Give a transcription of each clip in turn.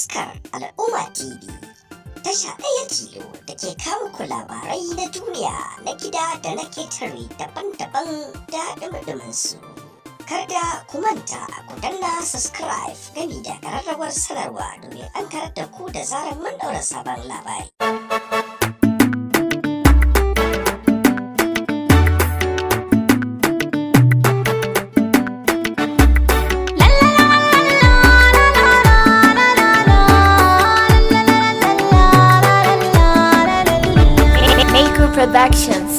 taskar al'umma tv tasha ɗaya tilo da ke kawo ku labarai na duniya na gida da na ketare daban-daban da ɗumɗumin su kada ku manta a ku danna subscribe gami da ƙararrawar sanarwa domin an karar da ku da zarar mun ɗaura sabon labari Productions.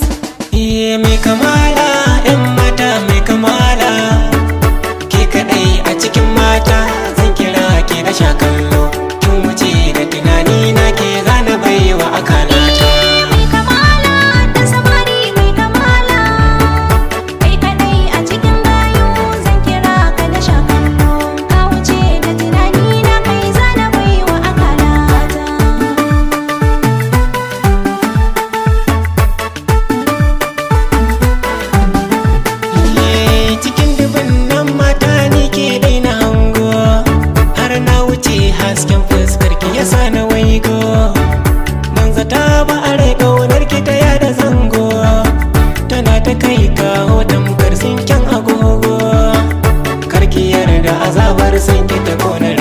kai kawo tamkar sinken agogo karki yarda azabar sanki ta konar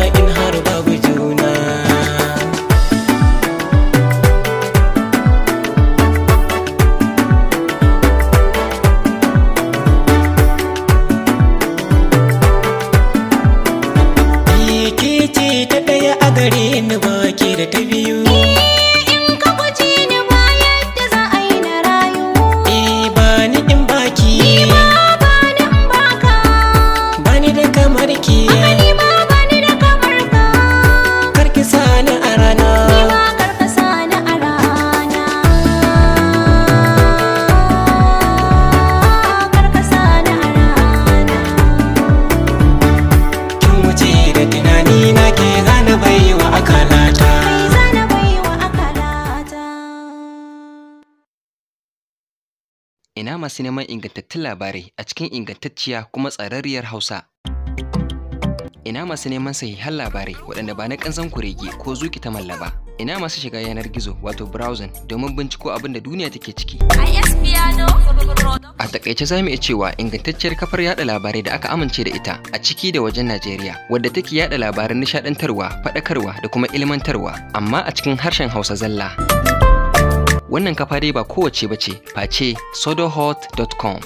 ina masu neman ingantattun labarai a cikin ingantacciya kuma tsararriyar Hausa. Ina masu neman sahihan labarai waɗanda ba na ƙanzan kurege ko zuki ta malla ba. Ina masu shiga yanar gizo wato browsing domin binciko abin da duniya take ciki. A takaice za mu iya cewa ingantacciyar kafar yaɗa labarai da aka amince da ita a ciki da wajen Najeriya wadda take yaɗa labaran nishaɗantarwa, faɗakarwa da kuma ilmantarwa amma a cikin harshen Hausa zalla. Wannan kafa dai ba kowace ba ce face sodohot.com.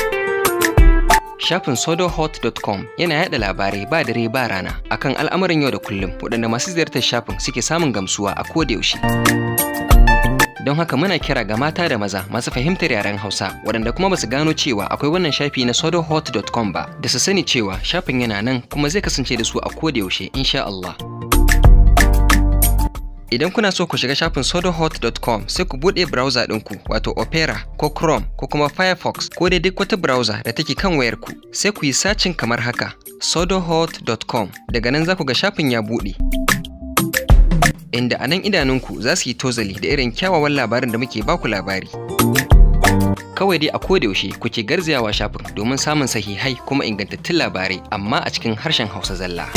Shafin sodohot.com yana yada labarai ba dare ba rana akan al'amuran yau da kullum waɗanda masu ziyartar shafin suke samun gamsuwa a yaushe. don haka muna kira ga mata da maza masu fahimtar yaren Hausa waɗanda kuma basu gano cewa akwai wannan shafi na sodohot.com ba da su sani cewa shafin yana nan kuma zai kasance da su a koda yaushe insha Allah. Idan kuna so ku shiga shafin sodohot.com sai ku buɗe browser ɗinku wato Opera ko Chrome ko kuma Firefox ko dai duk wata browser da take kan wayarku sai ku yi sacin kamar haka sodohot.com daga nan za ku ga shafin ya buɗe. Inda a nan idanunku za su yi tozali da irin kyawawan labarin da muke baku labari. Kawai dai a kodayaushe kuke garzayawa shafin domin samun sahihai kuma ingantattun labarai amma a cikin harshen Hausa zalla.